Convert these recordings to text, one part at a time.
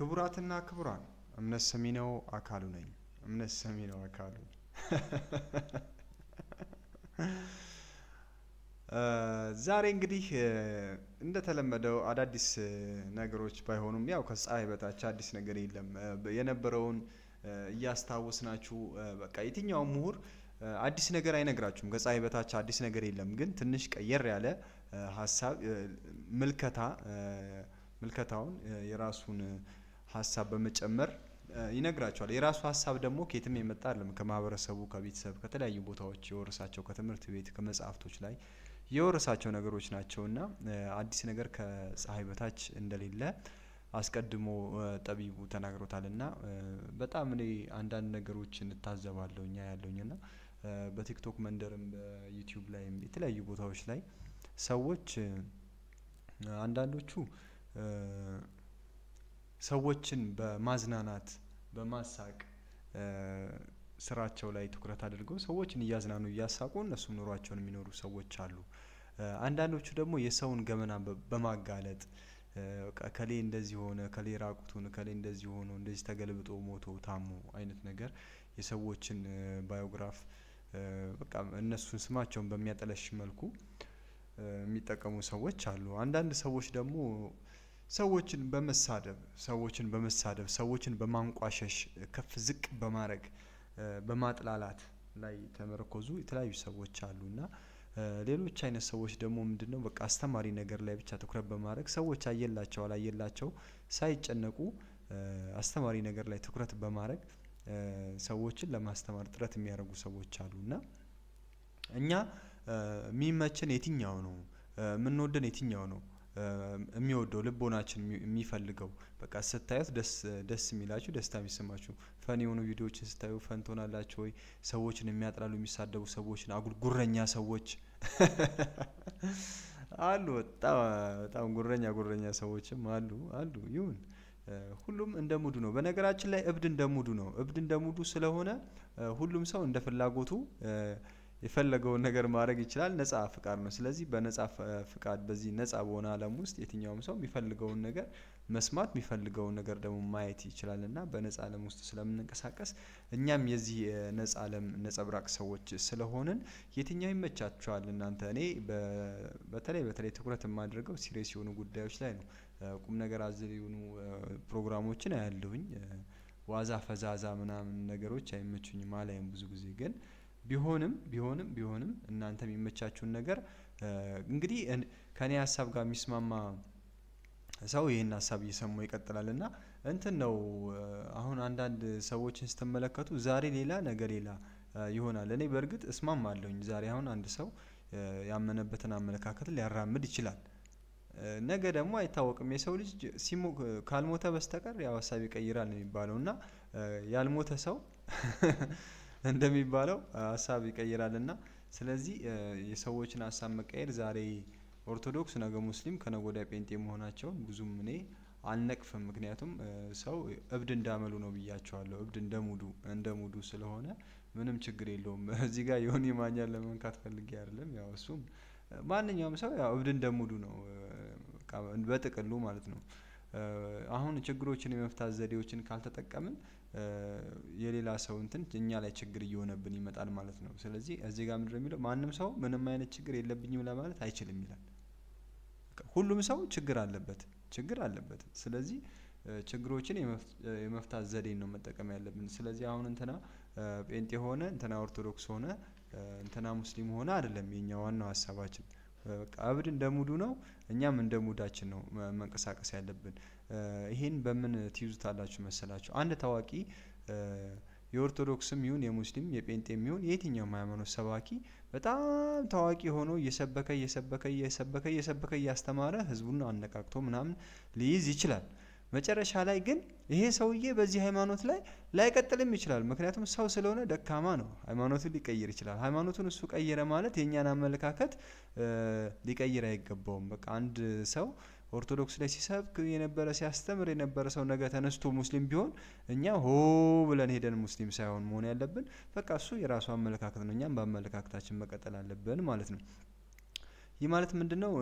ክቡራትና ክቡራን እምነት ነው አካሉ ነኝ። እምነት ነው አካሉ ዛሬ እንግዲህ እንደተለመደው አዳዲስ ነገሮች ባይሆኑም ያው ከፀሐይ በታች አዲስ ነገር የለም። የነበረውን እያስታወስናችሁ በቃ የትኛውም ምሁር አዲስ ነገር አይነግራችሁም። ከፀሐይ በታች አዲስ ነገር የለም። ግን ትንሽ ቀየር ያለ ሀሳብ ምልከታ ምልከታውን የራሱን ሀሳብ በመጨመር ይነግራቸዋል። የራሱ ሀሳብ ደግሞ ከየትም የመጣ አይደለም። ከማህበረሰቡ፣ ከቤተሰብ፣ ከተለያዩ ቦታዎች የወረሳቸው ከትምህርት ቤት፣ ከመጽሐፍቶች ላይ የወረሳቸው ነገሮች ናቸውና አዲስ ነገር ከፀሐይ በታች እንደሌለ አስቀድሞ ጠቢቡ ተናግሮታልና በጣም እኔ አንዳንድ ነገሮች እንታዘባለሁ እኛ ያለውኝ በቲክቶክ መንደርም በዩቲዩብ ላይም የተለያዩ ቦታዎች ላይ ሰዎች አንዳንዶቹ ሰዎችን በማዝናናት በማሳቅ ስራቸው ላይ ትኩረት አድርገው ሰዎችን እያዝናኑ እያሳቁ እነሱም ኑሯቸውን የሚኖሩ ሰዎች አሉ። አንዳንዶቹ ደግሞ የሰውን ገመና በማጋለጥ ከሌ እንደዚህ ሆነ ከሌ ራቁቱን ከሌ እንደዚህ ሆኖ እንደዚህ ተገልብጦ ሞቶ ታሞ አይነት ነገር የሰዎችን ባዮግራፍ በቃ እነሱን ስማቸውን በሚያጠለሽ መልኩ የሚጠቀሙ ሰዎች አሉ። አንዳንድ ሰዎች ደግሞ ሰዎችን በመሳደብ ሰዎችን በመሳደብ ሰዎችን በማንቋሸሽ ከፍ ዝቅ በማድረግ በማጥላላት ላይ ተመረኮዙ የተለያዩ ሰዎች አሉ እና ሌሎች አይነት ሰዎች ደግሞ ምንድነው በቃ አስተማሪ ነገር ላይ ብቻ ትኩረት በማድረግ ሰዎች አየላቸው አላየላቸው ሳይጨነቁ አስተማሪ ነገር ላይ ትኩረት በማድረግ ሰዎችን ለማስተማር ጥረት የሚያደርጉ ሰዎች አሉ እና እኛ የሚመችን የትኛው ነው? የምንወደን የትኛው ነው? የሚወደው ልቦናችን የሚፈልገው በቃ ስታዩት ደስ የሚላችሁ ደስታ የሚሰማችሁ ፈን የሆኑ ቪዲዮዎችን ስታዩ ፈን ትሆናላችሁ ወይ ሰዎችን የሚያጥላሉ የሚሳደቡ ሰዎችን አጉል ጉረኛ ሰዎች አሉ። በጣም ጉረኛ ጉረኛ ሰዎችም አሉ አሉ ይሁን ሁሉም እንደ ሙዱ ነው። በነገራችን ላይ እብድ እንደ ሙዱ ነው። እብድ እንደ ሙዱ ስለሆነ ሁሉም ሰው እንደ ፍላጎቱ የፈለገውን ነገር ማድረግ ይችላል። ነጻ ፍቃድ ነው። ስለዚህ በነጻ ፍቃድ በዚህ ነጻ በሆነ አለም ውስጥ የትኛውም ሰው የሚፈልገውን ነገር መስማት የሚፈልገውን ነገር ደግሞ ማየት ይችላል እና በነጻ አለም ውስጥ ስለምንንቀሳቀስ እኛም የዚህ ነጻ አለም ነጸብራቅ ሰዎች ስለሆንን የትኛው ይመቻችኋል እናንተ? እኔ በተለይ በተለይ ትኩረት የማደርገው ሲሪየስ የሆኑ ጉዳዮች ላይ ነው። ቁም ነገር አዘል የሆኑ ፕሮግራሞችን አያለሁኝ። ዋዛ ፈዛዛ ምናምን ነገሮች አይመቹኝም አላይም ብዙ ጊዜ ግን ቢሆንም ቢሆንም ቢሆንም እናንተ የሚመቻችሁን ነገር እንግዲህ ከኔ ሀሳብ ጋር የሚስማማ ሰው ይህን ሀሳብ እየሰሙ ይቀጥላል እና እንትን ነው አሁን አንዳንድ ሰዎችን ስትመለከቱ ዛሬ ሌላ ነገ ሌላ ይሆናል። እኔ በእርግጥ እስማማ አለሁኝ ዛሬ አሁን አንድ ሰው ያመነበትን አመለካከት ሊያራምድ ይችላል። ነገ ደግሞ አይታወቅም የሰው ልጅ ካልሞተ በስተቀር ያው ሀሳብ ይቀይራል ነው የሚባለው እና ያልሞተ ሰው እንደሚባለው ሀሳብ ይቀይራል ና ስለዚህ የሰዎችን ሀሳብ መቀየር ዛሬ ኦርቶዶክስ ነገ ሙስሊም ከነጎዳ ጴንጤ መሆናቸውን ብዙም እኔ አልነቅፍም። ምክንያቱም ሰው እብድ እንዳመሉ ነው ብያቸዋለሁ። እብድ እንደሙዱ እንደሙዱ ስለሆነ ምንም ችግር የለውም። እዚህ ጋር የሆን የማኛን ለመንካት ፈልጌ አይደለም። ያው እሱም ማንኛውም ሰው ያው እብድ እንደሙዱ ነው በጥቅሉ ማለት ነው። አሁን ችግሮችን የመፍታት ዘዴዎችን ካልተጠቀምን የሌላ ሰው እንትን እኛ ላይ ችግር እየሆነብን ይመጣል ማለት ነው። ስለዚህ እዚህ ጋር ምንድነው የሚለው ማንም ሰው ምንም አይነት ችግር የለብኝም ለማለት አይችልም ይላል። ሁሉም ሰው ችግር አለበት ችግር አለበት ስለዚህ ችግሮችን የመፍታት ዘዴን ነው መጠቀም ያለብን። ስለዚህ አሁን እንትና ጴንጤ ሆነ እንትና ኦርቶዶክስ ሆነ እንትና ሙስሊም ሆነ አይደለም የኛ ዋናው ሀሳባችን አብድ እንደ ሙዱ ነው፣ እኛም እንደ ሙዳችን ነው መንቀሳቀስ ያለብን። ይሄን በምን ትይዙታላችሁ መሰላችሁ? አንድ ታዋቂ የኦርቶዶክስም ይሁን የሙስሊም የጴንጤም ይሁን የትኛው ሃይማኖት ሰባኪ በጣም ታዋቂ ሆኖ እየሰበከ እየሰበከ እየሰበከ እየሰበከ እያስተማረ ህዝቡን አነቃቅቶ ምናምን ሊይዝ ይችላል። መጨረሻ ላይ ግን ይሄ ሰውዬ በዚህ ሃይማኖት ላይ ላይቀጥልም ይችላል። ምክንያቱም ሰው ስለሆነ ደካማ ነው። ሃይማኖቱን ሊቀይር ይችላል። ሃይማኖቱን እሱ ቀይረ ማለት የእኛን አመለካከት ሊቀይር አይገባውም። በቃ አንድ ሰው ኦርቶዶክስ ላይ ሲሰብክ የነበረ ሲያስተምር የነበረ ሰው ነገ ተነስቶ ሙስሊም ቢሆን እኛ ሆ ብለን ሄደን ሙስሊም ሳይሆን መሆን ያለብን በቃ እሱ የራሱ አመለካከት ነው። እኛም በአመለካከታችን መቀጠል አለብን ማለት ነው። ይህ ማለት ምንድነው?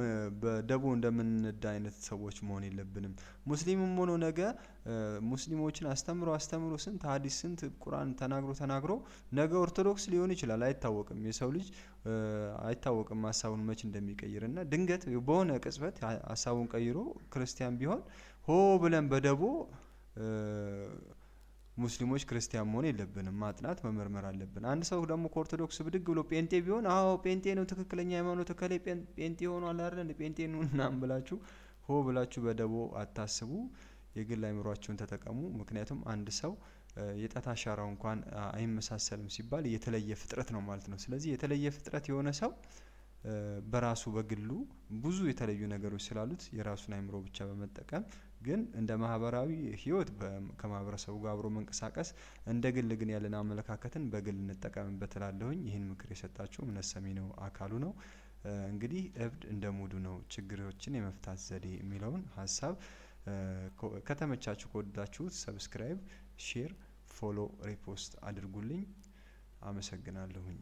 በደቦ እንደምንነዳ አይነት ሰዎች መሆን የለብንም። ሙስሊምም ሆኖ ነገ ሙስሊሞችን አስተምሮ አስተምሮ ስንት ሀዲስ ስንት ቁርአን ተናግሮ ተናግሮ ነገ ኦርቶዶክስ ሊሆን ይችላል አይታወቅም። የሰው ልጅ አይታወቅም ሀሳቡን መች እንደሚቀይር እና ድንገት በሆነ ቅጽበት ሀሳቡን ቀይሮ ክርስቲያን ቢሆን ሆ ብለን በደቦ ሙስሊሞች ክርስቲያን መሆን የለብንም። ማጥናት መመርመር አለብን። አንድ ሰው ደግሞ ከኦርቶዶክስ ብድግ ብሎ ጴንጤ ቢሆን አዎ ጴንጤ ነው ትክክለኛ ሃይማኖት ከላይ ጴንጤ ሆኗል አይደል እንደ ጴንጤ ነው እናም ብላችሁ ሆ ብላችሁ በደቦ አታስቡ። የግል አይምሯችሁን ተጠቀሙ። ምክንያቱም አንድ ሰው የጣት አሻራው እንኳን አይመሳሰልም ሲባል የተለየ ፍጥረት ነው ማለት ነው። ስለዚህ የተለየ ፍጥረት የሆነ ሰው በራሱ በግሉ ብዙ የተለዩ ነገሮች ስላሉት የራሱን አይምሮ ብቻ በመጠቀም ግን እንደ ማህበራዊ ህይወት ከማህበረሰቡ ጋር አብሮ መንቀሳቀስ እንደ ግል ግን ያለን አመለካከትን በግል እንጠቀምበት እላለሁኝ። ይህን ምክር የሰጣችሁ እምነት ሰሚ ነው አካሉ ነው። እንግዲህ እብድ እንደ ሙዱ ነው ችግሮችን የመፍታት ዘዴ የሚለውን ሀሳብ ከተመቻችሁ ከወደዳችሁት ሰብስክራይብ፣ ሼር፣ ፎሎ፣ ሪፖስት አድርጉልኝ። አመሰግናለሁኝ